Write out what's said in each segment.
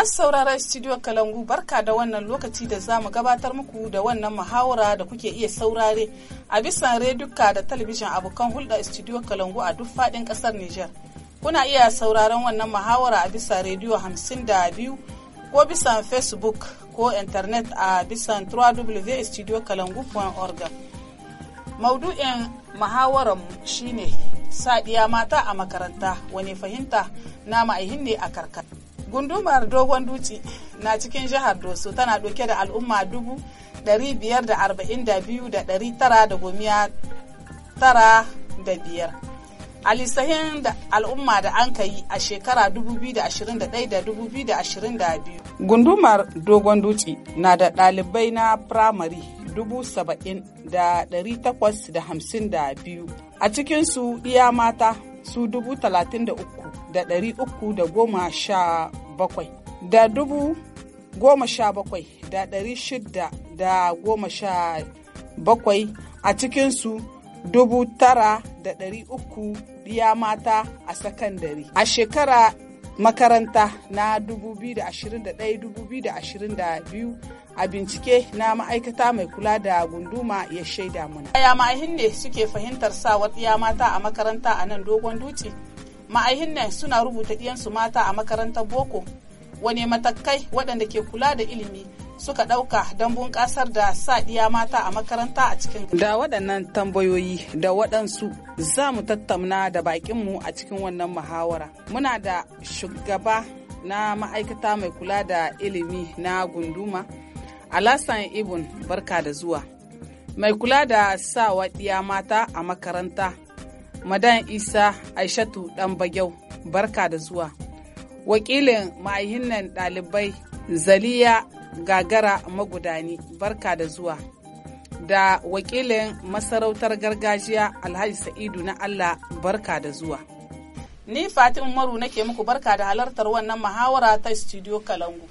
Masu sauraron Studio Kalangu barka da wannan lokaci da za mu gabatar muku da wannan muhawara da kuke iya saurare a bisa reduka da talabijin abokan hulɗa Studio Kalangu a duk faɗin ƙasar Nijar. Kuna iya sauraron wannan muhawara a bisa rediyo hamsin da biyu ko bisa Facebook ko internet a bisan www.studiokalangu.org. Maudu'in muhawararmu shine sadiya mata a makaranta wani fahimta na ma'aihin ne a karkara. gundumar dogon duci na cikin jihar doso tana dauke da al'umma dubu dari biyar da arba'in da biyu da dari tara da gomiya tara da biyar a lissahin da al'umma da an yi a shekara 2021 da 2022 gundumar dogon duci na da ɗalibai na firamare dubu saba'in da da da takwas hamsin biyu. a cikinsu iya mata su dubu talatin da uku da dari uku da goma sha bakwai da dubu goma sha bakwai da dari shida da goma sha bakwai a cikinsu dubu tara da dari uku ya mata a sakandare a shekara makaranta na dubu dubu biyu biyu da da da ashirin ashirin da biyu. a bincike na ma'aikata mai kula da gunduma ya shaida mana. Yaya ma'ahin ne suke fahimtar sawar ɗiya mata a makaranta a nan dogon duci? Ma'ahin ne suna rubuta ɗiyansu mata a makarantar boko. Wane matakai waɗanda ke kula da ilimi suka ɗauka don bunƙasar da sa ɗiya mata a makaranta a cikin da waɗannan tambayoyi da waɗansu za mu tattauna da baƙinmu a cikin wannan muhawara muna da shugaba na ma'aikata mai kula da ilimi na gunduma Alasan Ibn barka da zuwa. Mai kula da sa ɗiya mata a makaranta, Madan Isa Aishatu ɗan Bagyau barka da zuwa. Wakilin ma'ahinnan ɗalibai Zaliya Gagara Magudani barka da zuwa. Da wakilin masarautar gargajiya Alhaji Sa'idu na Allah barka da zuwa. Ni Fatima maru nake muku barka da halartar wannan muhawara ta Studio Kalangu.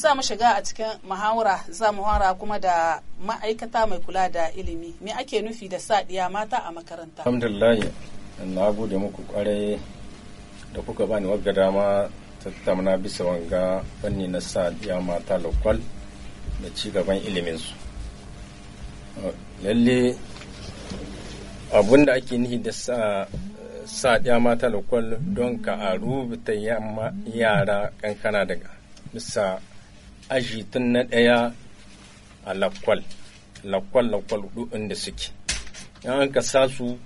za mu shiga a cikin muhawara za mu hawara kuma da ma'aikata mai kula da ilimi me ake nufi da sa ɗiya mata a makaranta alhamdulillah na gode muku kwarai da kuka bani wagga dama tattauna bisa wanga fanni na sa mata lokal da ci gaban su. lalle abun da ake nihi da sa sa mata lokal don ka a rubuta yara kankana daga bisa aji tun na ɗaya a lakwal lakwal lakwal hudu inda suke yan an ka sa su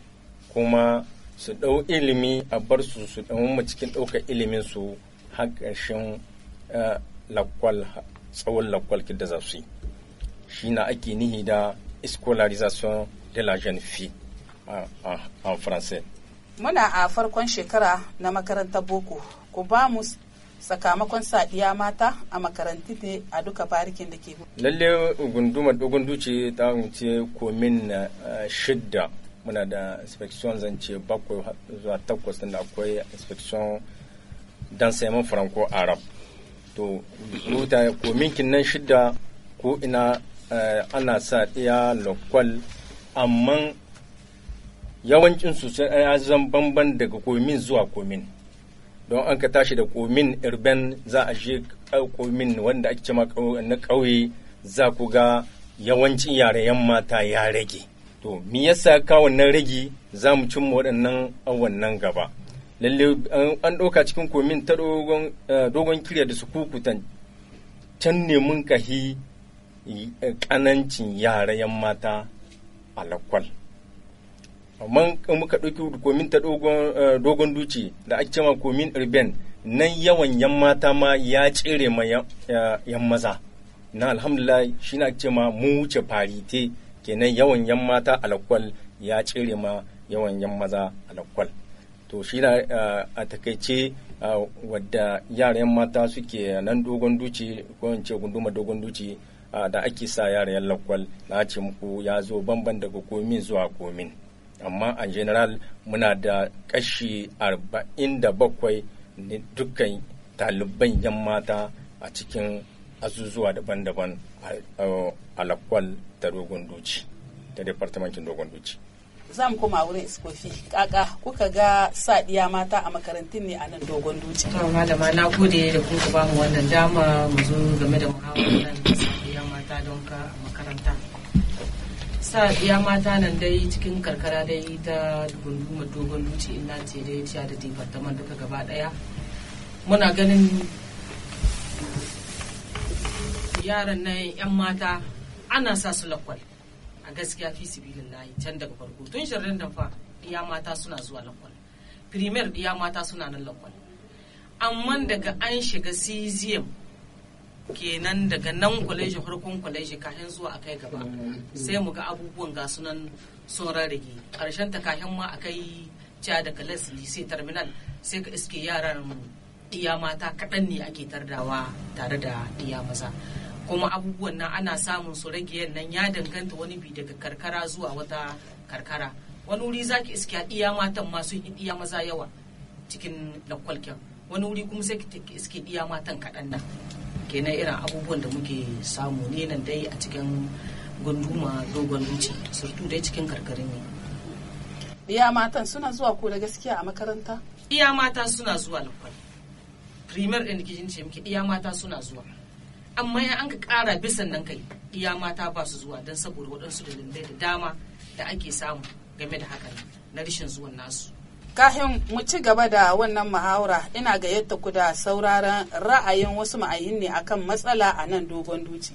kuma su ɗau ilimi a bar su su mu cikin ɗaukar ilimin su har eh, lakwal tsawon lakwal da za su yi shi na ake nihi da scolarisation de la jeune fille en français muna a farkon shekara na makarantar boko ku ba mu sakamakon sadiya mata a makarantu a duka barikin da ke lalle gunduma dogon duce ta wuce komin na eh, shidda muna da inspection zance bakwai zuwa takwas da akwai inspection dan sayan franco arab to ruta kominkin nan shidda ko ina eh, ana sa ɗaya lokwal amma yawancin sosai sun eh, zan banban daga komin zuwa komin don an ka tashi da komin irben za a je komin wanda ake cema na ƙauye za ku ga yawancin yarayen mata ya rage to me yasa ka wannan rage za mu cimma waɗannan wannan gaba lalle an ɗauka cikin komin ta eh, dogon kirya da su kukutan can ne mun kahi eh, ƙanancin yarayen mata a lakwal. amma in muka ɗauki komin ta eh, dogon duci da ake cewa komin irben nan yawan yan mata ma ya tsere ma yan maza na alhamdulillah shi na ce ma mu wuce farite kenan yawan yan mata alakwal ya tsere ma yawan yan maza alakwal to shi na eh, a takaice eh, wadda yara yan mata suke nan dogon duci ko in ce gunduma dogon duci da ake sa yan lakwal na ce muku ya zo banban daga komin zuwa komin amma a general muna da kashi 47 ne dukkan taliban yan mata a cikin azuzuwa daban-daban a lakwal ta dogon doci ta departamentin dogon doci za mu koma wurin iskofi kaka kuka ga Sadiya mata a makarantun ne a nan dogon doci to malama na gode da kuka ba mu wannan dama mu zo game da muhawarar da Sadiya mata don ka a makaranta sa ya mata nan dai cikin karkara dai ta ma dogon luci na ce dai ta da departaman duka gaba daya muna ganin yaran nan yan mata ana sa su lakwal a gaskiya fi layi can daga farko tun shirin da fa ya mata suna zuwa lakwal primer ya mata suna nan lakwal amma daga an shiga cesium kenan daga nan kwaleji farkon kwaleji kahin zuwa a kai gaba sai mu ga abubuwan ga sunan sauran rage. karshen ta kahin ma a kai ca daga kalas lise terminal sai ka iske yaran iya mata kaɗan ne ake tardawa tare da iya maza kuma abubuwan nan ana samun su rage nan ya danganta wani bi daga karkara zuwa wata karkara wani wuri zaki iske iya matan masu iya maza yawa cikin lakwalken wani wuri kuma sai suke iya matan kaɗan nan kenan irin abubuwan da muke samu ne nan dai a cikin gunduma dogon duci surtu dai cikin karkarin ne iya matan suna zuwa ko da gaskiya a makaranta iya mata suna zuwa lakwal primar education ce muke iya mata suna zuwa amma ya an ka kara bisan nan kai iya mata ba su zuwa don saboda waɗansu dalilai da dama da ake samu game da hakan na rashin zuwan nasu kafin mu ci gaba da wannan muhawara ina ga yadda ku da sauraron ra'ayin wasu ma'ayin ne akan matsala a nan dogon duci.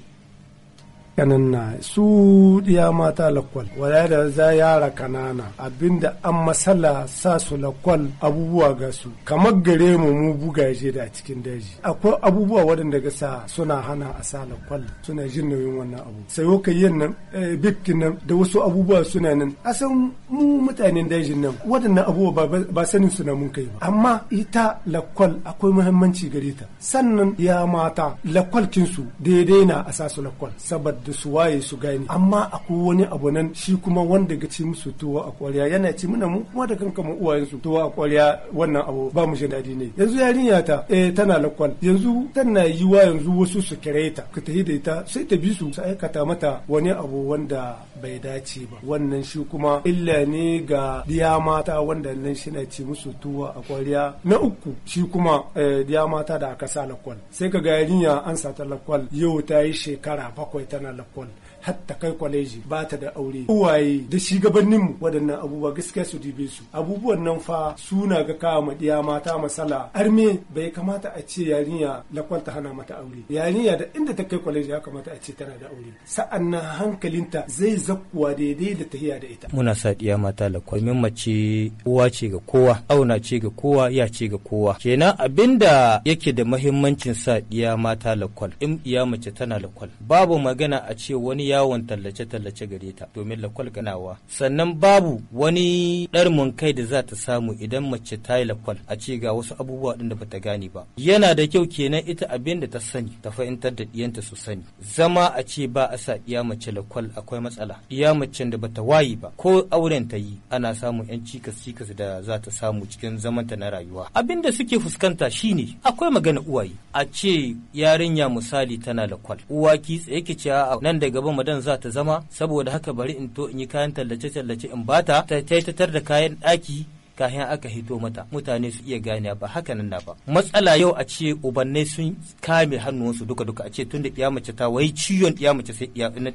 hakanan na su ya mata lakwal wala da za yara kanana abinda an masala sa su lakwal abubuwa ga su kamar gare mu mu bugaje da cikin daji akwai abubuwa wadanda ga sa suna hana a sa lakwal suna jin nauyin wannan abu sayo yin nan eh, bifkin nan da wasu abubuwa suna nan asan mu mutanen dajin nan waɗannan abubuwa ba sanin suna mun kai ba amma ita lakwal akwai muhimmanci gare ta sannan ya mata lakwalkinsu daidai na a sa su lakwal saboda da su waye su gane amma akwai wani abu nan shi kuma wanda ga ci musu tuwa a kwarya yana ci muna mu kuma da kanka mu su tuwa a kwarya wannan abu ba mu jin daɗi ne yanzu yarinya ta eh tana lakwal yanzu tana yi wa yanzu wasu su kire ta ka tafi da ita sai ta bi su su aikata mata wani abu wanda bai dace ba wannan shi kuma illa ne ga diya mata wanda nan shi na ci musu tuwa a kwarya na uku shi kuma diya eh, mata da aka sa lakwal sai ka ga yarinya an sa ta lakwal yau ta yi shekara bakwai tana على الكل hatta kai kwaleji ba ta da aure uwaye da mu waɗannan abubuwa gaskiya su dibe su abubuwan nan fa suna ga kawo ma diya mata masala arme bai kamata a ce yarinya lakwanta hana mata aure yarinya da inda ta kai kwaleji ya kamata a ce tana da aure sa'an nan hankalinta zai zakkuwa daidai da tahiya da ita muna sa diya mata lakwai min mace uwa ce ga kowa auna ce ga kowa ya ce ga kowa kenan abinda yake da mahimmancin sa diya mata lakwal in iya mace tana lakwal babu magana a ce wani yawon tallace-tallace gare ta domin lakwal ganawa sannan babu wani mun kai da za ta samu idan mace ta yi lakwal a ce ga wasu abubuwa ɗin da bata gane ba yana da kyau kenan ita abin da ta sani ta fahimtar da ɗiyanta su sani zama a ce ba a sa iya mace lakwal akwai matsala ɗiya mace da bata wayi ba ko auren ta yi ana samun yan cikas cikas da za ta samu cikin zamanta na rayuwa abin da suke fuskanta shine akwai magana uwaye a ce yarinya misali tana lakwal uwa ki tsaye ki ce nan da gaba ramadan za ta zama saboda haka bari in to in yi kayan tallace-tallace in bata ta taitatar da kayan ɗaki kayan aka hito mata mutane su iya gane ba haka nan na ba matsala yau a ce ubannai sun kame hannuwansu duka duka a ce tun da mace ta wai ciwon mace sai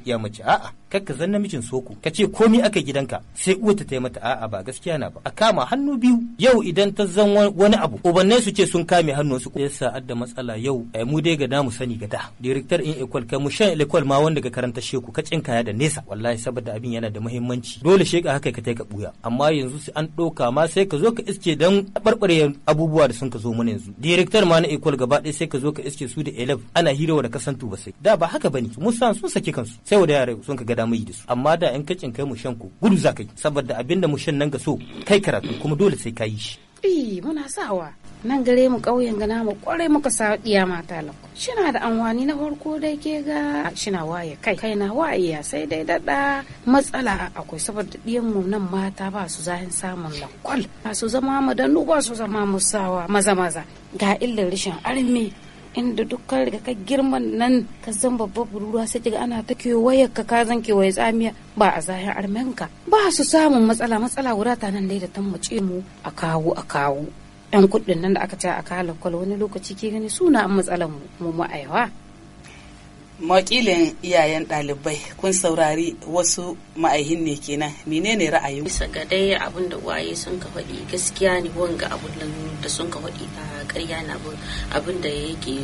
na mace a'a ka zan namijin soko ka ce komi aka gidanka sai uwa ta taya mata a'a ba gaskiya na ba a kama hannu biyu yau idan ta zan wani abu ubannai su ce sun kame hannunsu ya sa adda matsala yau mu dai ga namu sani ga da director in equal ka mu shan equal ma wanda ka karanta sheku ka cinka ya da nesa wallahi saboda abin yana da muhimmanci dole sheka haka ka taika buya amma yanzu sai an doka ma sai ka zo ka iske dan barbare abubuwa da sun ka zo mana yanzu director ma na equal gaba ɗaya sai ka zo ka iske su da elef ana hirawa da kasantu ba sai da ba haka bane mu san sun saki kansu sai wa da yare sun ka ga za da su amma da in kacin kai mu shan ku gudu za kai saboda abin da mu shan nan ga so kai karatu kuma dole sai ka yi shi eh muna sawa nan gare mu ƙauyen gana mu kwarai muka sa iya mata lako shina da anwani na farko dai ke ga shina waye kai kai na waye sai dai dada matsala akwai saboda diyan mu nan mata ba su zahin samun lakwal ba su zama mu dannu ba su zama musawa maza maza ga illar rashin armi inda dukkan daga ka girman nan ka zan babbar bururuwa sai kiga ana ta wayar ka ka zan kewaye tsamiya ba a zahin armenka ba su samun matsala matsala wurata nan dai da tammace mu a kawo a kawo yan kuɗin nan da aka ce a kalakwal kwal wani lokaci ke gani suna an matsalan mu mu ma'aiwa makilin iyayen ɗalibai kun saurari wasu ma'aihin ne kenan menene ra'ayin bisa ga dai abin da waye sun ka faɗi gaskiya ne ga abun da sun ka faɗi a ƙarya na abin da yake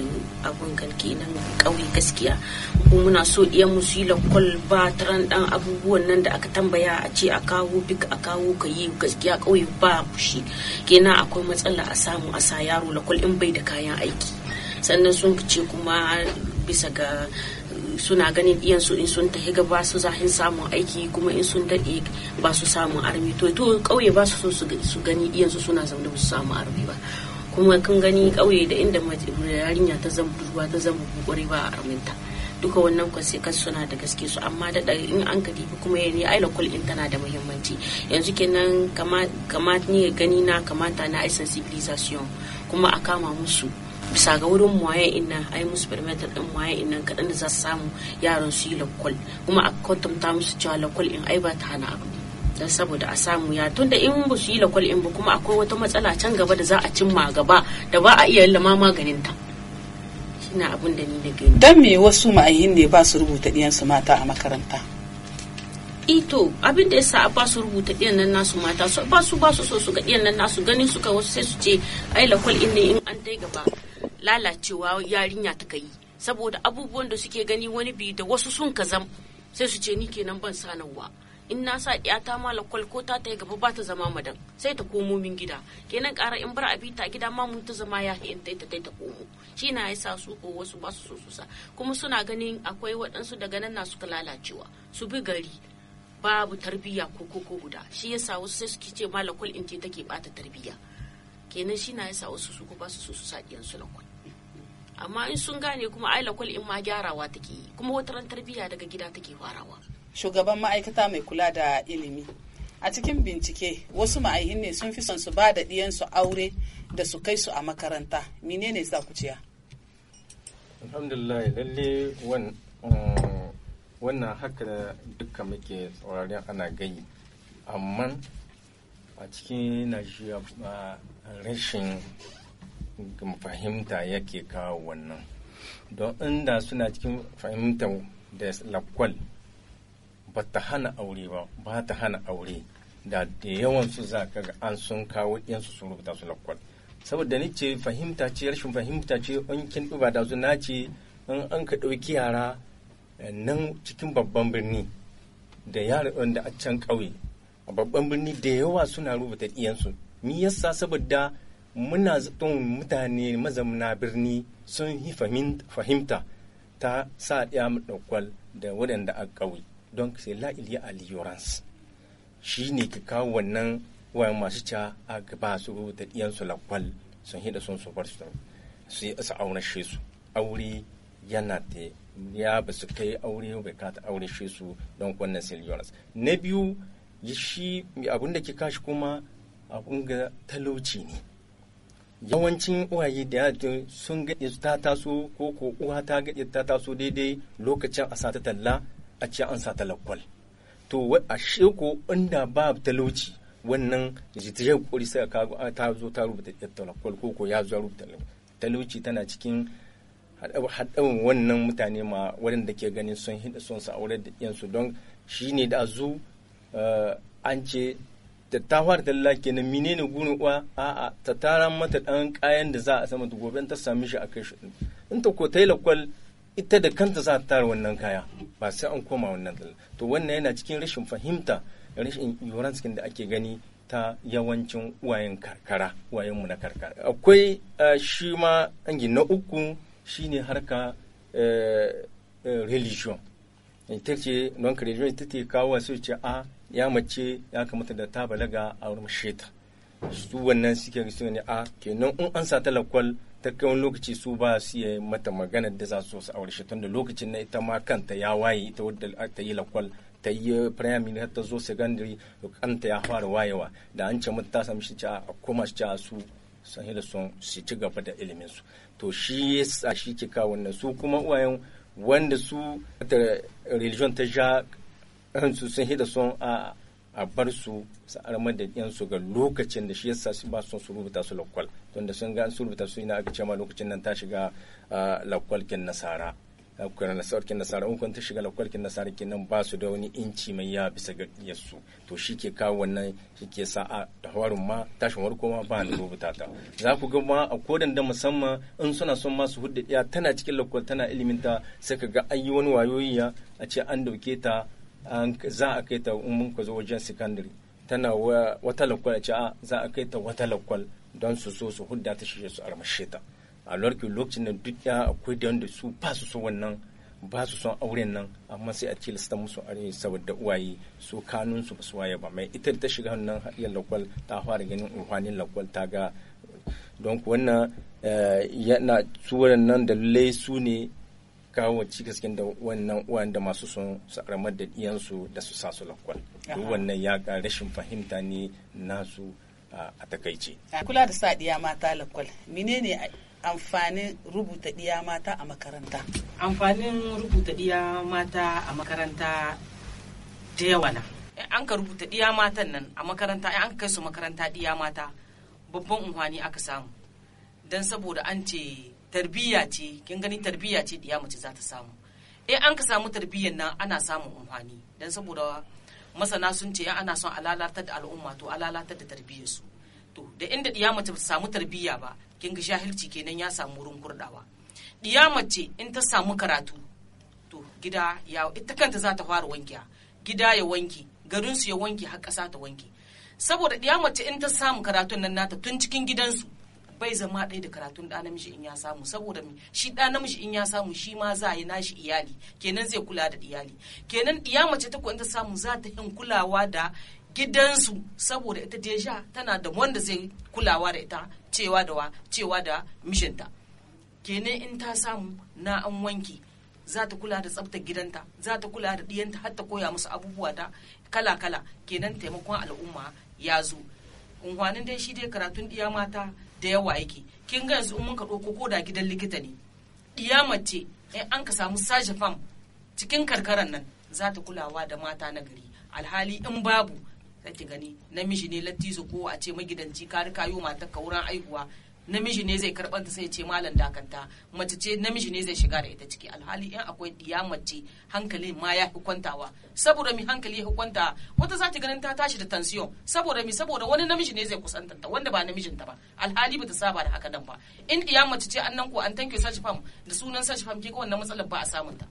abun galke kenan ƙauye gaskiya ko muna so iya mu su yi lakwal ba taran ɗan abubuwan nan da aka tambaya a ce a kawo duk a kawo ka yi gaskiya ƙauye ba fushi kenan akwai matsala a samu a sa yaro lakwal in bai da kayan aiki sannan sun ce kuma bisa ga mm, suna ganin su in sun tafi ga su zahin samun aiki kuma in sun daɗe ba su samu armi to to kauye ba su so su gani ɗiyansu suna zaune ba su samu armi ba kuma kun gani kauye da inda yarinya ta zama budurwa ta zama bukuri ba a arminta duka wannan kan suna da gaske su amma da in an ka dibi kuma ya ne aila kul in tana da muhimmanci yanzu kenan kamata ni gani na kamata na ai sensibilisation kuma a kama musu bisa ga wurin waye ina ai musu permitar din waye ina kaɗan da za su samu yaran su yi lakwal kuma a kwatanta musu cewa lakwal in ai ba ta hana abu don saboda a samu ya tun da in ba su yi lakwal in ba kuma akwai wata matsala can gaba da za a cimma gaba da ba a iya lama maganin ta shine abin da ni da gani dan me wasu ma'ayin ne ba su rubuta ɗiyan su mata a makaranta ito e abin da yasa ba su rubuta ɗiyan nan nasu mata su ba su ba su so su ga ɗiyan nan nasu ganin suka wasu sai su ce ai lakwal in ne in an dai gaba lalacewa yarinya ta yi saboda abubuwan da suke gani wani bi da wasu sun ka zam sai su ce ni kenan ban sanarwa in na sa ta ma kwalko ko ta gaba ba ta zama madan sai ta komo min gida kenan kara in bar abi ta gida ma mun ta zama ya in ta ta ta komo shi na yasa su ko wasu ba su so su sa kuma suna ganin akwai waɗansu daga nan na suka lalacewa su bi gari babu tarbiyya ko koko guda shi yasa wasu sai suke ce ma kwal in ce take bata tarbiyya kenan shi na yasa wasu su ko ba su so su sa ɗiyan su lakwal amma in sun gane kuma aila kwal in ma gyarawa take yi kuma wata ran tarbiyya daga gida take farawa shugaban ma'aikata mai kula da ilimi a cikin bincike wasu ma'aihin ne sun fi son su ba da ɗiyansu aure da su kai su a makaranta menene za ku ciya alhamdulillah lalle mm, wannan haka da dukkan muke tsauraren ana gani amma a cikin najeriya rashin fahimta yake kawo wannan don inda suna cikin fahimta da lakwal ba ta hana aure ba ba ta hana aure da da yawansu za ka ga an sun kawo yansu sun rubuta su lakwal saboda ni ce fahimta ce rashin fahimta ce in kin duba da su na ce in an ka ɗauki yara eh, nan cikin babban birni da yara da a can ƙauye a babban birni da yawa suna rubuta iyansu ni yasa saboda muna zaton mutane mazamuna birni sun yi fahimta ta sa ɗaya maɗaukwal da waɗanda a ƙauye don sai la'iliya alliyorans shi ne ka kawo wannan wayan masu ca a gaba su da ɗiyansu lakwal sun hida sun su bar su su yi asa auren shi su aure yana ta ya ba su kai aure bai kata aure shi su don wannan siliyonus na biyu shi abin da ke kashi kuma abin ga talauci ne yawancin uwaye da yadda sun gaɗe ta taso ko ko uwa ta gaɗe ta taso daidai lokacin a sata talla a ce an sata lakwal to a sheko inda ba talauci wannan ya kori sai ka ta zo ta rubuta lakwal ko ko ya zo rubuta talauci tana cikin haɗawan wannan mutane ma waɗanda ke ganin sun hida sun sa da yansu don shi ne da zu eh, an ce da ta fara talla kenan menene gurin uwa a'a ta tara mata dan kayan da za a sama ta gobe ta sami shi a kai shi in ta ko tayi lakwal ita da kanta za ta tara wannan kaya ba sai an koma wannan talla to wannan yana cikin rashin fahimta rashin ignorance da ake gani ta yawancin wayan karkara mu na karkara akwai shi ma angi na uku shine harka eh, eh, religion ita ce non religion ita ce kawo ah, su ce a ya mace ya kamata da ta balaga a wurin sheta su wannan suke su ne a kenan in an sa ta lakwal ta kai wani lokaci su ba su yi mata magana da za su a aure shetan da lokacin na ita ma kanta ya waye ita wadda ta yi lakwal ta yi primary har ta zo secondary kanta ya fara wayewa da an ce mata ta sami shi a koma shi a su san hila son su ci gaba da ilimin su to shi sa shi ke kawo wannan su kuma uwayen wanda su religion ta ja su sun hida son a a bar su su armar da yansu ga lokacin da shi yasa su ba son su rubuta su lakwal don da sun ga su rubuta su ina aka ce ma lokacin nan ta shiga lakwal kin nasara kuran nasara kin nasara in kun ta shiga lakwal kin nasara kin nan ba su da wani inci mai ya bisa ga yasu to shi ke kawo wannan shi ke sa a tawarin ma tashin warko ma ba ni rubuta ta za ku ga ma a kodan da musamman in suna son ma su hudda tana cikin lakwal tana ilimin ta sai ka ga an yi wani wayoyi a ce an dauke ta an za a kai ta mun ka zo wajen secondary tana wata lakwal ce a za a kai ta wata lakwal don su so su hudda ta shirya su armashe ta a lokacin da duk ya akwai da wanda su ba su so wannan ba su son auren nan amma sai a tilasta musu are saboda uwaye su kanun su basu waye ba mai ita ta shiga nan hanyar lakwal ta fara ganin ruhanin lakwal ta ga don wannan eh, yana su nan da lai su ne kawo cikas da wannan wanda masu son su karamar da diyansu da su sa su lakwal duk wannan ya ga rashin fahimta ne nasu a takaice kula da sa diya mata lakwal menene amfanin rubuta diya mata a makaranta amfanin rubuta diya mata a makaranta da yawa na an ka rubuta diya matan nan a makaranta an kai su makaranta diya mata babban unhwani aka samu don saboda an ce tarbiyya ce kin gani tarbiyya ce diya mace za ta samu eh an ka samu tarbiyyar nan ana samun umfani dan saboda masana sun ce ana son alalatar da al'umma to alalatar da tarbiyyar su to da inda diya mace ta samu tarbiyya ba kin ga shahilci kenan ya samu wurin kurdawa diya mace in ta samu karatu to gida ya ita kanta za ta fara wanki gida ya wanki garin su ya wanki har ƙasa ta wanki saboda diya mace in ta samu karatun nan nata tun cikin gidansu bai zama ɗaya da karatun ɗa namiji in ya samu saboda shi ɗa namiji in ya samu shi ma za a yi nashi iyali kenan zai kula da iyali kenan iya mace ta ta samu za ta yin kulawa da gidansu saboda ita deja tana da wanda zai kulawa da ita cewa da wa cewa da mijinta kenan in ta samu na an wanki za ta kula da tsaftar gidanta za ta kula da ɗiyanta har ta koya musu abubuwa da kala kala kenan taimakon al'umma ya zo unhwanin dai shi dai karatun ɗiya mata da yawa yake kin ga yanzu in mun ka ɗauko ko da gidan likita ne iya mace in an ka samu sashe fam cikin karkaran nan za ta kulawa da mata na gari alhali in babu zaki gani namiji ne lattizo ko a ce magidanci ka rika yo matar ka wurin aihuwa namiji ne zai ta sai ce malam dakanta mace ce namiji ne zai shiga da ita ciki alhali in akwai diya mace hankali ma ya fi kwantawa saboda mi hankali ya fi kwanta wata za ta ganin ta tashi da tansiyon saboda mi saboda wani namiji ne zai kusanta ta wanda ba namijin ta ba alhali ba ta saba da haka nan ba in diya mace ce an nan ko an tanke search fam da sunan search farm kika wannan matsalar ba a samun ta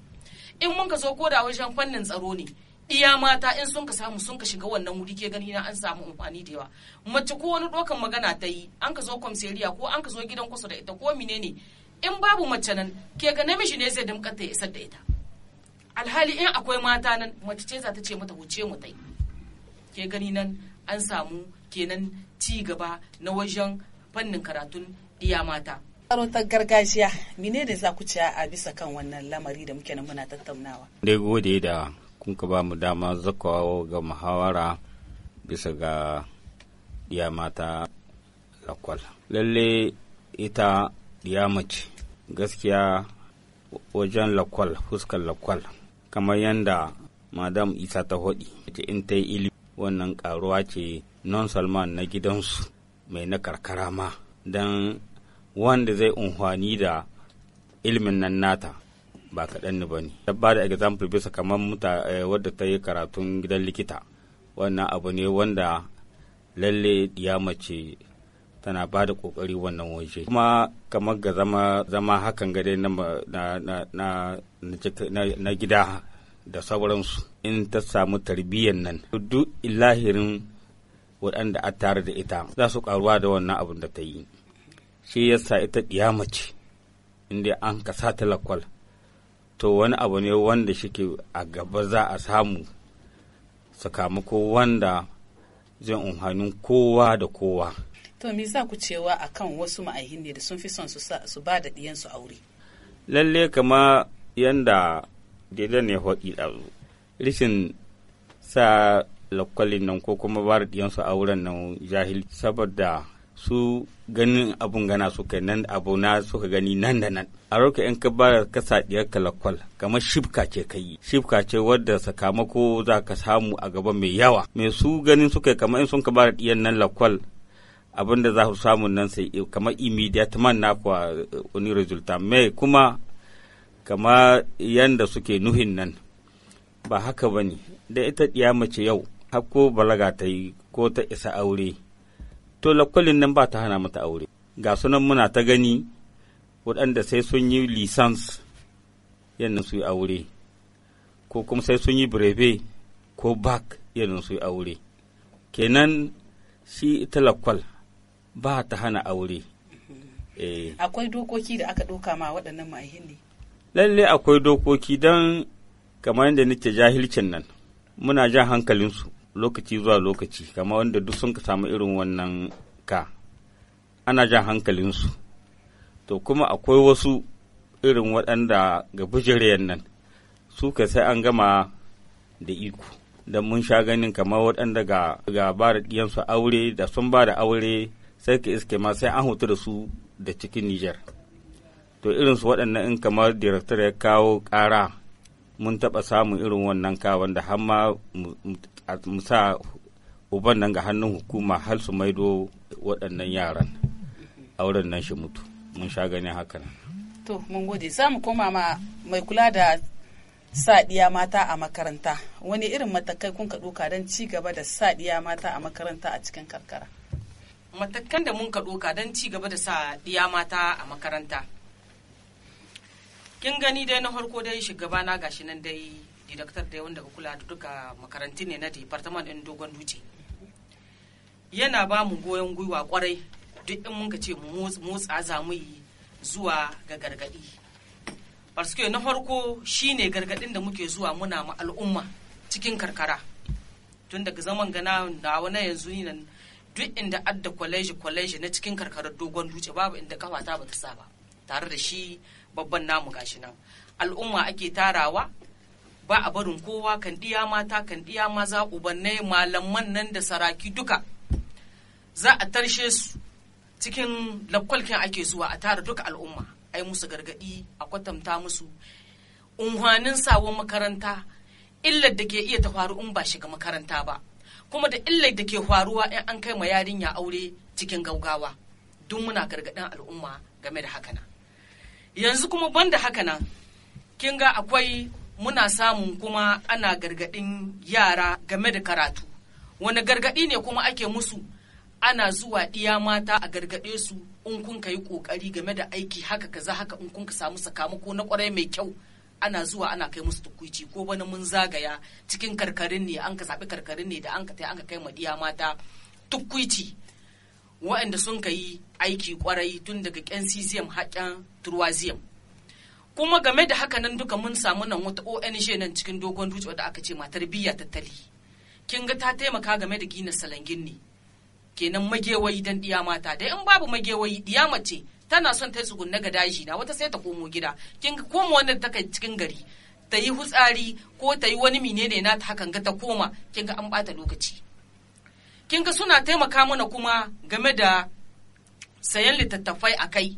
in mun ka zo ko da wajen fannin tsaro ne iya mata in sun ka samu sun ka shiga wannan wuri ke gani na an samu amfani da yawa mace ko wani dokan magana ta yi an ka zo kwamseriya ko an ka zo gidan kusa da ita ko menene in babu mace nan ke ga namiji ne zai damƙa ta isar da ita alhali in akwai mata nan mace ce za ta ce mata wuce mu tai ke gani nan an samu kenan ci gaba na wajen fannin karatun iya mata sarautar gargajiya mine ne za ku ci a bisa kan wannan lamari da muke nan muna tattaunawa. Dai gode da kun ka ba mu dama zakawa ga muhawara bisa ga ya mata lakwal lalle ita ya mace gaskiya wajen lakwal fuskar lakwal kamar yadda madam isa ta hodi ce in ta yi ilimi wannan karuwa ce non salman na gidansu mai na karkara ma don wanda zai unhwani da ilimin nan nata ba kaɗan ne ba ne ba da example bisa kamar muta eh, wadda ta yi karatun gidan likita wannan abu ne wanda lalle ya mace tana ba da kokari wannan waje kuma kamar ga zama zama hakan gade na gida da sauransu in ta samu tarbiyyar nan duk lahirin waɗanda a tare da ita za su ƙaruwa da wannan abin da ta yi shi yasa ita ɗiya mace inda an kasa talakwal to wani abu ne wanda shike a gaba za a samu sakamako wanda zai umhanin kowa da kowa to me za ku cewa a kan wasu ma'ahin ne da sun fi son su ba da ɗiyansu aure lalle kama yanda daidai ne haƙi ɗazu rishin sa lakwalin nan ko kuma ba da ɗiyansu auren nan jahil saboda su ganin abun gana su kai nan abu na suka gani nan da nan a roka in ka ba ka sadiyar kalakwal kamar shifka ce ka yi shifka ce wadda sakamako za ka samu a gaba mai yawa mai su ganin su kai kamar in sun ka ba diyan nan lakwal abin da za su samu nan sai eh, kamar immediate man na kuwa eh, wani resulta mai kuma kama yanda suke nuhin nan ba haka ba ne da ita ɗiya mace yau har ko balaga ta yi ko ta isa aure to lakwalin nan ba ta hana mata aure ga sunan muna ta gani waɗanda sai sun yi lisans yadda su yi aure ko kuma sai sun yi breve ko bak yadda su yi aure kenan shi ita lakwal ba ta hana aure eh. akwai dokoki da aka ɗoka ma waɗannan ma'ahin ne lallai akwai dokoki don kamar yadda nake jahilcin nan muna jan hankalinsu lokaci zuwa lokaci kama wanda duk sun samu irin wannan ka ana jan hankalinsu to kuma akwai wasu irin waɗanda ga bijiriyar nan su ka sai an gama da iko don mun sha ganin kamar waɗanda ga ba da ɗiyansu aure da sun ba da aure sai ka iske ma sai an hutu da su da cikin Nijar. To irinsu waɗannan in kamar director ya kawo ƙara mun taɓa samun irin wannan ka wanda har a sa uban nan ga hannun hukuma har su maido waɗannan yaran auren nan shi mutu mun sha ganin haka to mun gode za mu koma ma mai kula da sa mata a makaranta wani irin matakai kun ka ɗoka don ci gaba da sa mata a makaranta a cikin karkara matakan da mun ka ɗoka don ci gaba da sa mata a makaranta kin gani dai na harko dai shugaba na gashi nan dai didaktar da wanda ka kula da duka makarantun ne na departament ɗin dogon duce yana ba mu goyon gwiwa kwarai duk in mun ka ce motsa za mu yi zuwa ga gargaɗi barsuke na farko shine gargaɗin da muke zuwa muna ma al'umma cikin karkara tun daga zaman gana na wani yanzu ni nan duk inda adda kwaleji kwaleji na cikin karkarar dogon dutse babu inda ta ba ta sa ba tare da shi babban namu gashi nan al'umma ake tarawa ba a barin kowa kan ɗiya mata kan ɗiya maza ubanne malaman nan da saraki duka za a tarshe su cikin lakwalkin ake zuwa a tara duka al'umma a yi musu gargaɗi a kwatanta musu unhwanin sawon makaranta illar da ke iya ta faru in ba shiga makaranta ba kuma da illar da ke faruwa in an kai ma yarinya aure cikin gaugawa duk muna gargaɗin al'umma game da hakanan yanzu kuma banda haka kin ga akwai muna samun kuma ana gargaɗin yara game da karatu wani gargaɗi ne kuma ake musu ana zuwa ɗiya mata a gargaɗe su in kun ka yi ƙoƙari game da aiki haka kaza haka in kun ka samu sakamako na kwarai mai kyau ana zuwa ana kai musu tukuici ko wani mun zagaya cikin karkarin ne an ka zaɓi karkarin ne da an ka an ka kai ma ɗiya mata tukuici waɗanda sun ka yi aiki kwarai tun daga ƙyan cesium haƙƙen turwaziyam kuma game da haka nan duka mun samu nan wata ONG nan cikin dogon dutse wadda aka ce matar biya tattali kin ga ta taimaka game da gina salangin ne kenan magewayi dan diya mata dai in babu magewayi diya mace tana son ta tsugunna ga daji na wata sai ta komo gida kin ga komo wannan ta cikin gari ta yi hutsari ko ta yi wani menene na ta hakan ga ta koma kin ga an bata lokaci kin ga suna taimaka mana kuma game da sayan littattafai a kai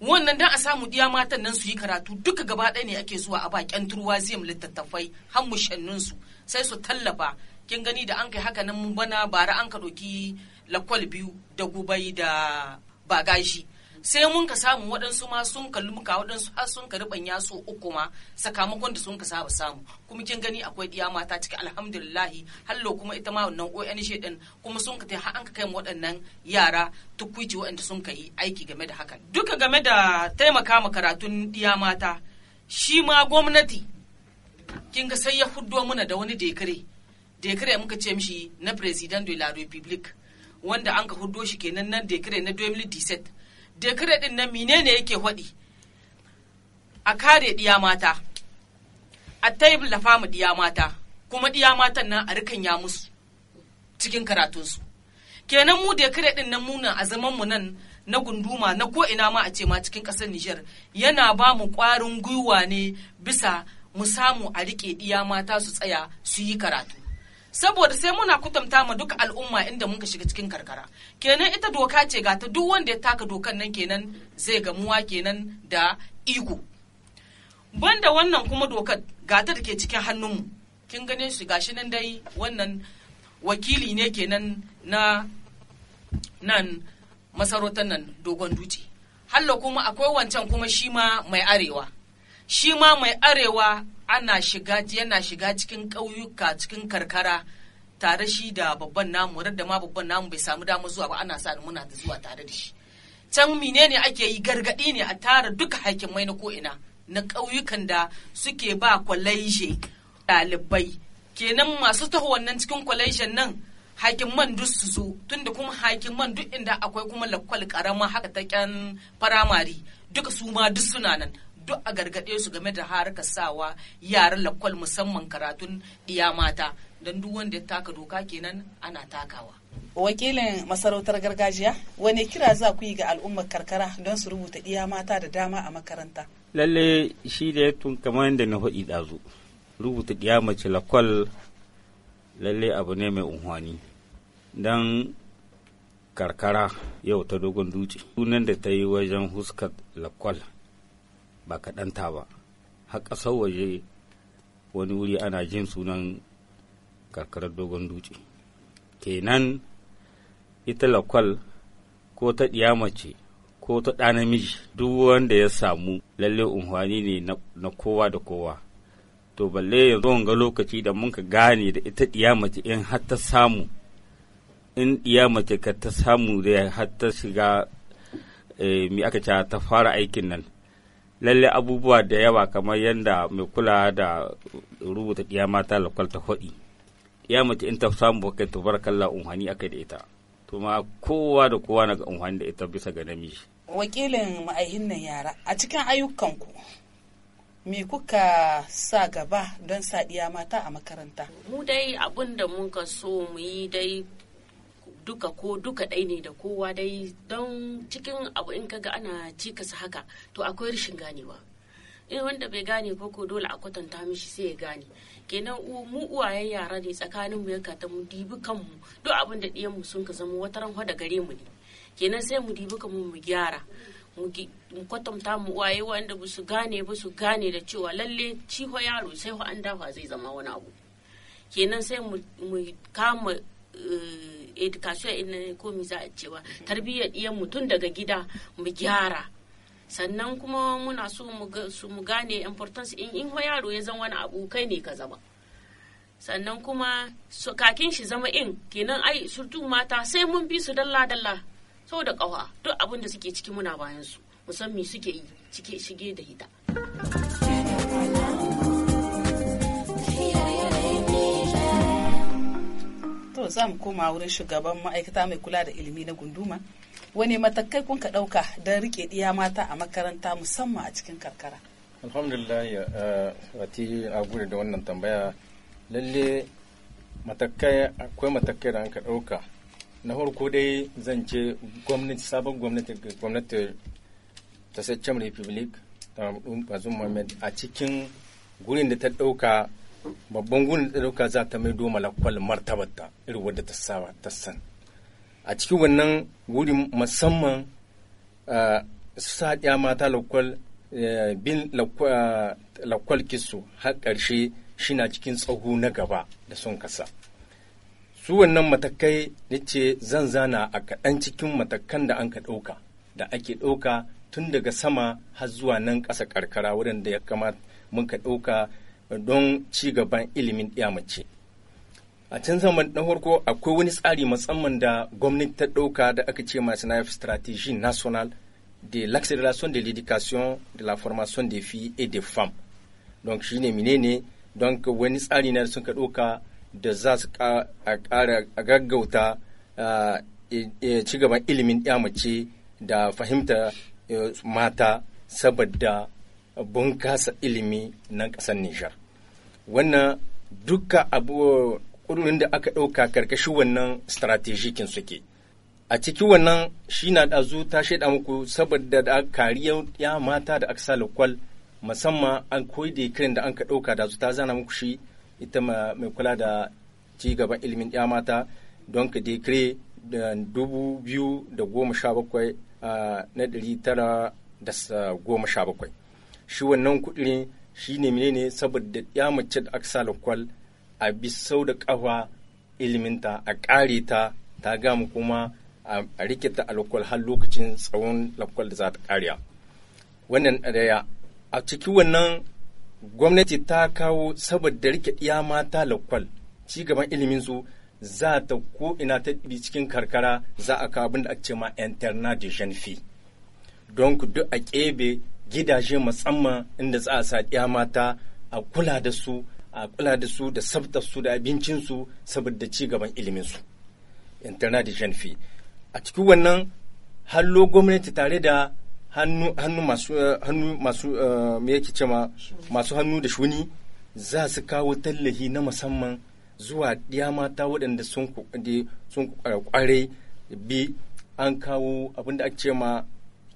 wannan dan a samu diya matan nan su yi karatu duka gaba ɗaya ne ake zuwa a bakin turwaziyam littattafai har mushannun su sai su tallafa kin gani da an kai haka nan mun bana bara an ka ɗauki lakwal biyu da gubai da bagashi sai mun ka samu waɗansu ma sun ka lumka waɗansu har sun ka ribanya so uku ma sakamakon da sun ka saba samu kuma kin gani akwai iya mata cikin alhamdulillahi hallo kuma ita ma wannan ina din kuma sun ka har an ka kai waɗannan yara tukuici waɗanda sun ka yi aiki game da hakan duka game da taimaka ma karatun diya mata shi ma gwamnati kin ga sai ya huddo muna da wani dekare dekare muka ce mishi na president de la republique wanda an ka huddo shi kenan nan dekare na 2017 dekare din nan menene yake hwaɗi a kare diya mata a taib lafa mu diya mata kuma diya matan nan a rikan ya musu cikin karatunsu kenan mu dekare din nan muna a zaman mu nan na gunduma na ko ina ma a ce ma cikin ƙasar Nijar yana ba mu ƙwarin gwiwa ne bisa mu samu a riƙe ɗiya mata su tsaya su yi karatu saboda sai muna kutamta ma duka al'umma inda muka shiga cikin karkara kenan ita doka ce ga ta duk wanda ya taka dokan nan kenan zai gamuwa kenan da iko banda wannan kuma dokar gata da ke cikin hannunmu kin gane shi gashi nan dai wannan wakili ne kenan na nan masarautar nan dogon dutse hallo kuma akwai wancan kuma shi ma mai arewa shi ma mai arewa ana shiga yana shiga cikin ƙauyuka cikin karkara tare shi da babban namu da ma babban namu bai samu dama zuwa ba ana sa muna da zuwa tare da shi can mine ne ake yi gargaɗi ne a tara duka mai na ko'ina na ƙauyukan da suke ba kwalaije ɗalibai kenan masu taho wannan cikin kwalaijen nan man duk su zo tunda kuma hakiman duk inda akwai kuma lakwal ƙarama haka ta kyan firamare duka su ma duk suna nan duk a gargaɗe su game da harkar sawa yaran lakwal musamman karatun iya mata don duk wanda ya taka doka kenan ana takawa. wakilin masarautar gargajiya wane kira za ku yi ga al'ummar karkara don su rubuta ɗiya mata da dama a makaranta lalle shi da ya tun kamar yadda na faɗi ɗazu rubuta iya mace lakwal lalle abu ne mai unhwani don karkara yau ta dogon dutse sunan da ta yi wajen huskar lakwal ba kaɗanta ba har ƙasar waje wani wuri ana jin sunan karkarar dogon dutse kenan ita lakwal ko ta mace ko ta ɗa namiji duk wanda ya samu lalle unhwani ne na kowa da kowa to balle yanzu ga lokaci da mun ka gane da ita ɗiya mace in har ta samu in ɗiya mace ka ta samu da har ta shiga eh, mi aka ta fara aikin nan lalle abubuwa da yawa kamar yadda mai kula da rubuta kiyama ta lakwal ta hodi ya mace in ta samu kai kalla unhani akai da ita to ma kowa da kowa na ga da ita bisa ga namiji wakilin ma'aihin nan yara a cikin ayyukan ku me kuka sa gaba don sa mata a makaranta mu dai abin da muka so mu yi dai duka ko duka ɗai ne da kowa dai don cikin abu in kaga ana cikasa haka to akwai rashin ganewa in eh, wanda bai gane ko ko dole a kwatanta mishi sai ya gane kenan mu uwayen yara ne tsakanin mu ya mu dibi kanmu duk abin da ɗiyan mu sun ka zama wata ran da gare mu ne kenan sai mu dibi kanmu mu gyara mu kwatanta mu uwaye wanda ba su gane ba su gane da cewa lalle ciho yaro sai ho an dafa zai zama wani abu kenan sai mu kama eh, education in ko mi za a cewa tarbiyyar ɗiyan mutum daga gida mu gyara sannan kuma muna so mu gane importance in in yaro ya zama wani abokai ne ka zama sannan kuma kakin shi zama in kenan ai surtu mata sai mun bi su dalla dalla sau da ƙawa duk abin da suke ciki muna bayan su musamman suke yi cike shige da hita. za mu koma wurin shugaban ma'aikata mai kula da ilimi na gunduma wani matakai kun ka ɗauka don rike ɗiya mata a makaranta musamman a cikin karkara alhamdulillah wati a gure da wannan tambaya lalle matakai akwai matakai da an ka ɗauka na farko dai zan ce gwamnati sabon gwamnati gwamnati ta republic bazum a cikin gurin da ta ɗauka babban gurin dauka za ta maido lakwal martabarta irin wadda ta saba ta san a cikin wannan wuri musamman sa ɗaya mata lakwal bin lakwal kisu har ƙarshe na cikin tsaho na gaba da son kasa su wannan matakai ce zan zana a kaɗan cikin matakan da an ka ɗauka da ake ɗauka tun daga sama har zuwa nan ƙasa karkara wurin da ya kamata mun ka ɗauka don ci gaban ilimin mace. a can zaman na farko akwai wani tsari musamman da gwamnati ta ɗauka da aka ce masu na strategy national de l'accélération de l'éducation de la formation des filles et des femmes donc shine menene don wani tsari na da suka ɗauka da za su ƙara gaggauta e, e, ci gaban ilimin mace da fahimta e, mata saboda bunkasa ilimi na ƙasar Nijar. wannan duka abu ƙudurin da aka ɗauka karkashin wannan strategikin suke a cikin wannan shi na zo ta shaida muku saboda da kariyar ya mata da aka sa lokwal musamman an koyi da kiran da an ka ɗauka da ta zana muku shi ita mai kula da cigaban ilimin ya mata don ka dekire da dubu biyu da goma sha bakwai na ɗari tara da goma sha bakwai shi wannan kuɗin Shi shine ne saboda ya mace da aka sa lakwal a bi sau da kafa iliminta a ƙare ta ta gama kuma a rike ta a lakwal har lokacin tsawon lakwal da za ta ƙariya wannan ɗaya a cikin wannan gwamnati ta kawo saboda rike iya mata lakwal ci gaban ilimin su za ta ko ina ta cikin karkara za a kawo abin da ake ma internat de jeune fille don duk a ƙebe gidaje musamman inda za a sa ɗiya mata a kula da su a kula da su da tsaftar su da abincinsu saboda ci gaban ilimin su internet da janfi a cikin wannan hallo gwamnati tare da hannu hannu masu eh, hannu masu eh, me yake cewa masu hannu da shuni za su kawo tallahi na musamman zuwa ɗiya mata waɗanda sun kware eh, bi an kawo abin da ake cewa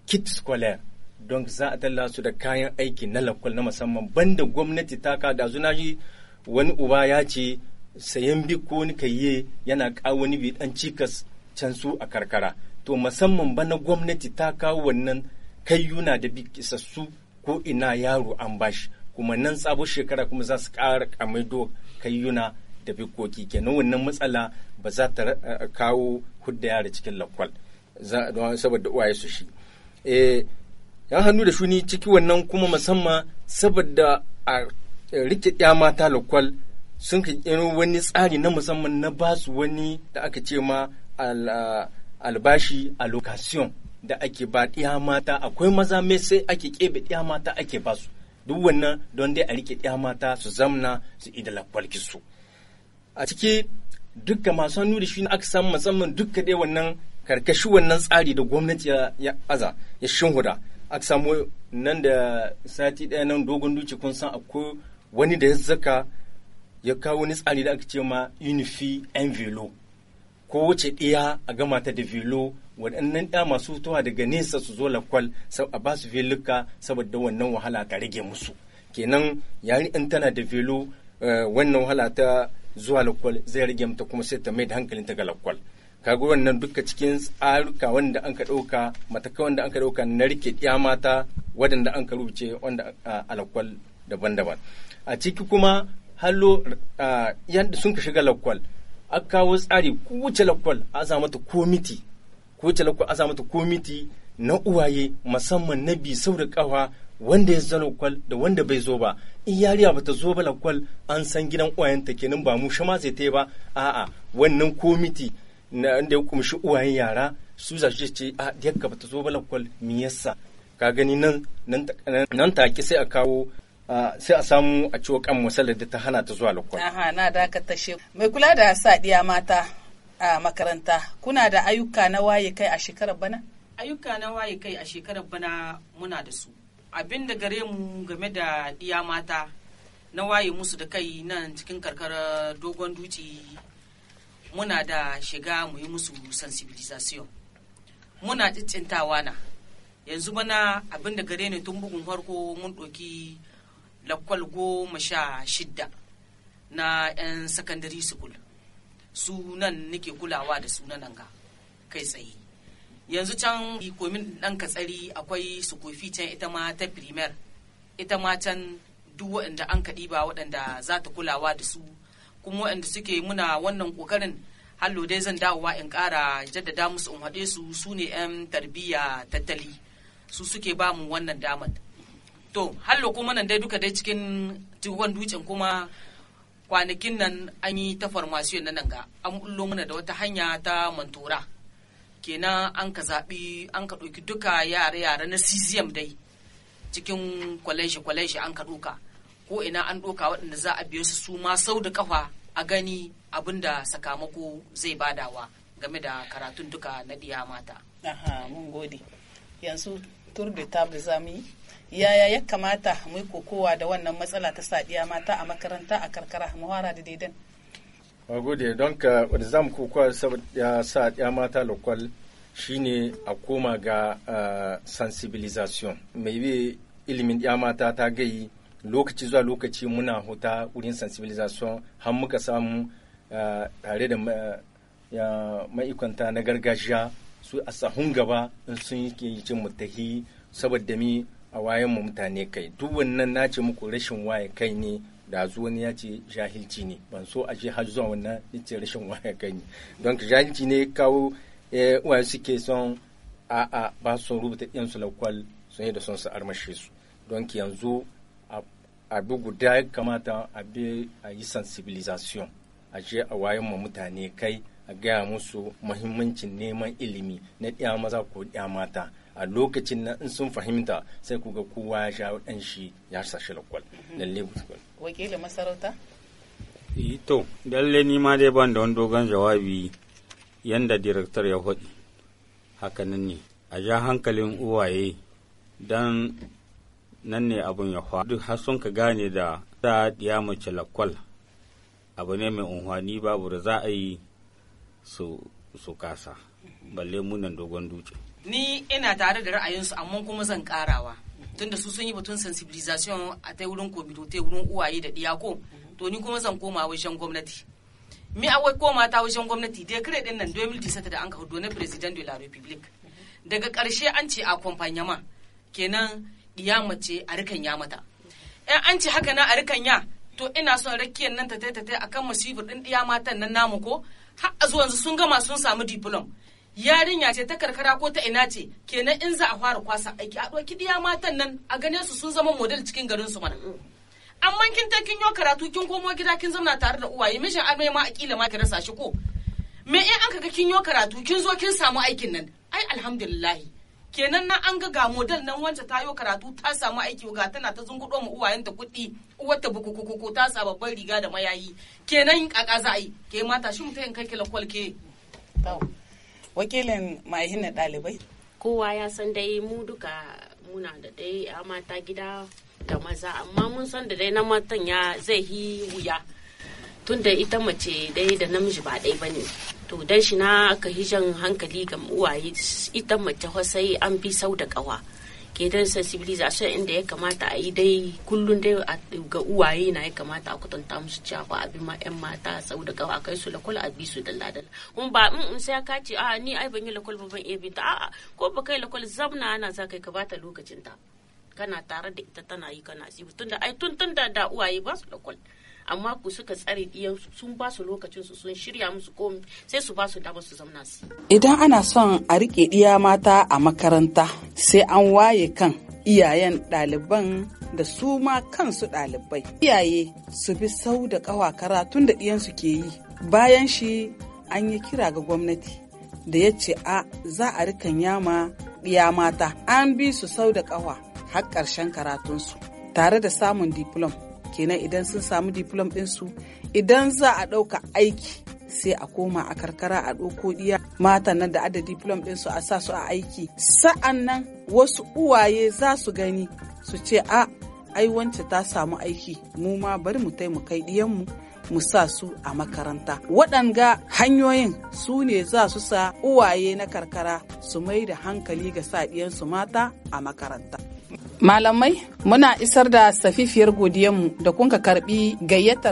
kit scholar don za a talla su da kayan aiki na lakwal na musamman banda gwamnati ta ka da zuna shi wani uba ya ce sayan bi ko ni kayye yana kawo wani bi dan cikas can su a karkara to musamman bana gwamnati ta kawo wannan kai yuna da bi kisassu ko ina yaro an bashi kuma nan sabon shekara kuma za su ƙara kamaido yuna da bikoki kenan wannan matsala ba za ta eh, kawo hudda yara cikin lakwal saboda uwaye su shi eh, ya hannu da shuni ciki wannan kuma musamman saboda a rike ya mata lokwal sun ka wani tsari na musamman na ba su wani da aka ce ma albashi a location da ake ba ɗiya mata akwai maza mai sai ake keɓe ɗiya mata ake su duk wannan don dai a rike ɗiya mata su zamna su ida lakwalki su a ciki dukka masu hannu da shi aka samu musamman dukka dai wannan karkashi wannan tsari da gwamnati ya aza ya shinhuda a samu nan da sati ɗaya nan dogon duci kun san akwai wani da ya zaka ya kawo wani tsari da aka ce ma unifi en velo ko wace ɗaya a gama ta da velo waɗannan ɗa masu fitowa daga nesa su zo lakwal a ba su veluka saboda wannan wahala ta rage musu kenan yari in tana da velo eh, wannan wahala ta zuwa lakwal zai rage mata kuma sai ta mai da hankalinta ga lakwal kaga wannan duka cikin tsaruka wanda an ka ɗauka mataka wanda an ka ɗauka na rike ɗiya mata waɗanda an ka rubuce wanda alakwal daban-daban a ciki kuma hallo yadda sun ka shiga lakwal a kawo tsari kowace lakwal a za mata komiti kowace lakwal a za mata komiti na uwaye musamman na bi sau da kawa wanda ya zo lakwal da wanda bai zo ba in yariya bata zo ba lakwal an san gidan uwayenta kenan ba mu shama zai ta ba a'a wannan komiti na inda ya kumshi uwayen yara su za su ce ah, a da ba ta zo balakwal mi yasa ka gani nan nan take sai a kawo sai a samu a ciwo kan masalar da ta hana ta zuwa lakwal. Aha na ka tashe mai kula da sa mata a makaranta kuna da ayyuka na waye kai a shekarar bana? Ayyuka na waye kai a shekarar bana muna da su. Abin da gare mu game da diya mata na waye musu da kai nan cikin karkara dogon duci muna da shiga mu yi musu sensibilisation muna tsintsintawa na yanzu bana abinda gare ne tun bugun farko mun ɗoki lakwal goma sha shidda na 'yan secondary school sunan nake kulawa da sunan ga kai tsaye yanzu can komin ɗan katsari akwai su kofi can ita ma ta primer ita ma can duk waɗanda an kaɗi ba waɗanda za ta kulawa da su kuma waɗanda suke muna wannan kokarin. hallo dai zan dawowa in ƙara jaddada musu in haɗe su su ne 'yan tarbiyya tattali su suke ba mu wannan damar to hallo kuma nan dai duka dai cikin tihon dutsen kuma kwanakin nan an yi ta farmasiyon na nan ga an bullo mana da wata hanya ta mantora kenan an ka zaɓi an ka ɗauki duka yare-yare na cesium dai cikin kwalenshi-kwalenshi an ka ɗauka ko ina an ɗoka waɗanda za a biyo su su ma sau da kafa a gani abin da sakamako zai badawa game da karatun duka na ɗiya mata. Aha, mun gode. Yanzu tur da tabu zami yaya ya kamata mu yi kokowa da wannan matsala ta sa ɗiya mata a makaranta a karkara muhara da daidan. Wa gode, don ka wadda za mu kokowa sa ɗiya mata lokwal shine a koma ga ah, sensibilisation. Mai ilimin ɗiya mata ta gayi lokaci zuwa lokaci muna huta wurin sensibilization har muka samu eh, tare da eh, ma'aikanta na gargajiya su a sahun gaba in sun yi cin mutahi saboda mi a wayan mu mutane kai duk wannan na ce muku rashin waye kai ne da zuwa ne ya ce jahilci ne ban so a je har zuwa wannan ya ce rashin waye kai ne don jahilci ne kawo eh, waye suke son a'a ba su rubuta ɗin su lakwal sun yi da son su armashe su don yanzu A abu guda ya kamata a bi a yi sensibilisation a je a wayan ma mutane kai a gaya musu mahimmancin neman ilimi na ɗiya maza ko ɗiya mata a lokacin na in sun fahimta sai kuga kowa ya sha ɗan shi ya sa shi lakwal mhm. lalle wakilin masarauta eh, to lalle ni ma dai ban da wani dogon jawabi yanda director ya faɗi hakanan ne a ja hankalin uwaye Dan. nan ne abun ya kwa. duk har sun ka gane da za a ya mace lakwal abu ne mai unhwani babu da za a yi su kasa balle munan dogon dutse ni ina tare da ra'ayinsu amma kuma zan karawa tunda su sun yi batun sensibilisation a ta wurin kobido ta wurin uwaye da diyako to ni kuma zan koma wajen gwamnati mi a wai koma ta wajen gwamnati kare din nan 2017 da an ka hudu na president de la republique daga karshe an ce a kwamfanyama kenan ya mace a rikan ya mata in an ce haka na a rikan ya to ina son rakiyar nan ta taita ta akan masifir ɗin ɗiya matan nan namu ko har a zuwan sun gama sun samu diplom yarinya ce ta karkara ko ta ina ce kenan in za a fara kwasa aiki a ɗauki ɗiya matan nan a gane su sun zama model cikin garin su mana amma kin ta kin yi karatu kin komo gida kin zauna tare da uwaye mishin amai ma akila ma ki rasa shi ko me in an kaga kin yi karatu kin zo kin samu aikin nan ai alhamdulillahi kenan na an ga ga model nan wanda ta yi karatu ta samu aiki ga tana ta zungudo mu uwayenta kuɗi uwarta bukukuku ta sa babban riga da mayayi kenan kaka za a yi ke mata shi mutum kai kila kwalke wakilin mahina ɗalibai kowa ya san dai mu duka muna da dai a mata gida da maza amma mun san da dai na matan ya zai yi wuya tunda ita mace dai da namiji ba ɗai ba ne to dan shi na aka yi jan hankali ga uwaye ita mace sai an bi sau da ƙawa ke dan sensibilization inda ya kamata a yi dai kullum dai ga uwaye na ya kamata a kwatanta musu cewa abin ma yan mata sau da gawa kai su lakol a bi su da ladan kuma ba in sai ka ce a ni ai ban yi lakol ba ban iya binta a'a ko ba kai lakol zamna ana za kai ka bata lokacin ta kana tare da ita tana yi kana zibu tunda ai tun tun da da uwaye ba su lakol amma ku suka tsare iyan sun ba su lokacin su sun shirya musu komi sai su ba su dama su zauna su idan ana son a riƙe ɗiya mata a makaranta sai an waye kan iyayen ɗaliban da su ma kansu ɗalibai iyaye su bi sau da ƙawa karatun da ɗiyansu ke yi bayan shi an yi kira ga gwamnati da ya ce a za a rikan yama ɗiya mata an bi su sau da ƙawa har ƙarshen karatunsu tare da samun diplom kenan idan sun samu diplom ɗinsu idan za a ɗauka aiki sai a koma a karkara a ɗauko ɗiya matan nan da ada diplom ɗinsu a sa su a aiki sa'an nan wasu uwaye za su gani su ce a ai wance ta samu aiki mu ma bari mu taimakai ɗiyanmu mu sa su a makaranta. Waɗanga hanyoyin su ne za su sa uwaye na karkara su mai da hankali ga sa su mata a makaranta. Malamai, muna isar da safifiyar godiyanmu da kunka karbi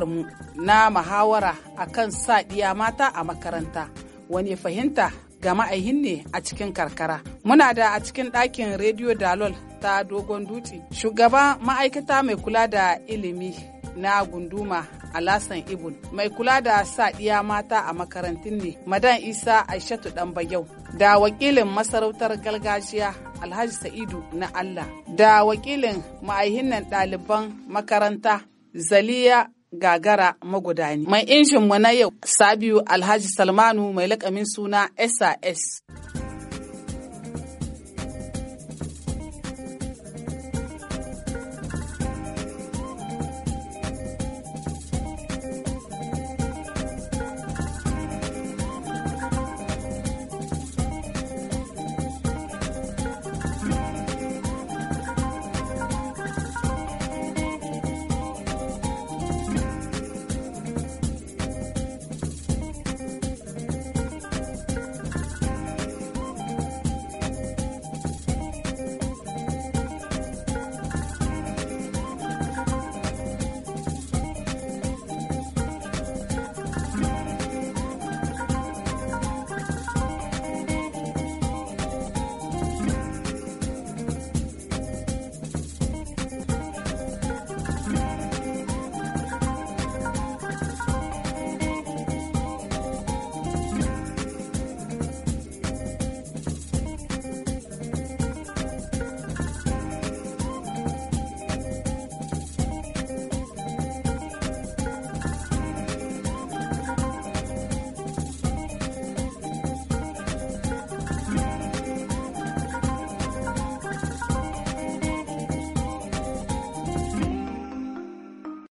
mu na muhawara akan sa ɗiya mata a makaranta. Wani fahimta ga ma'aihin ne a cikin karkara. Muna da a cikin ɗakin rediyo Dalol ta Dogon Dutse, shugaba ma'aikata mai kula da ilimi na gunduma a alasan ibul mai kula da sa iya mata a makarantun ne madan isa aishatu dan bayau da wakilin masarautar gargajiya alhaji sa'idu na allah da wakilin ma'aihinnan ɗaliban makaranta zaliya gagara magudani mai injin mu na yau sabiu alhaji salmanu mai lakamin suna sas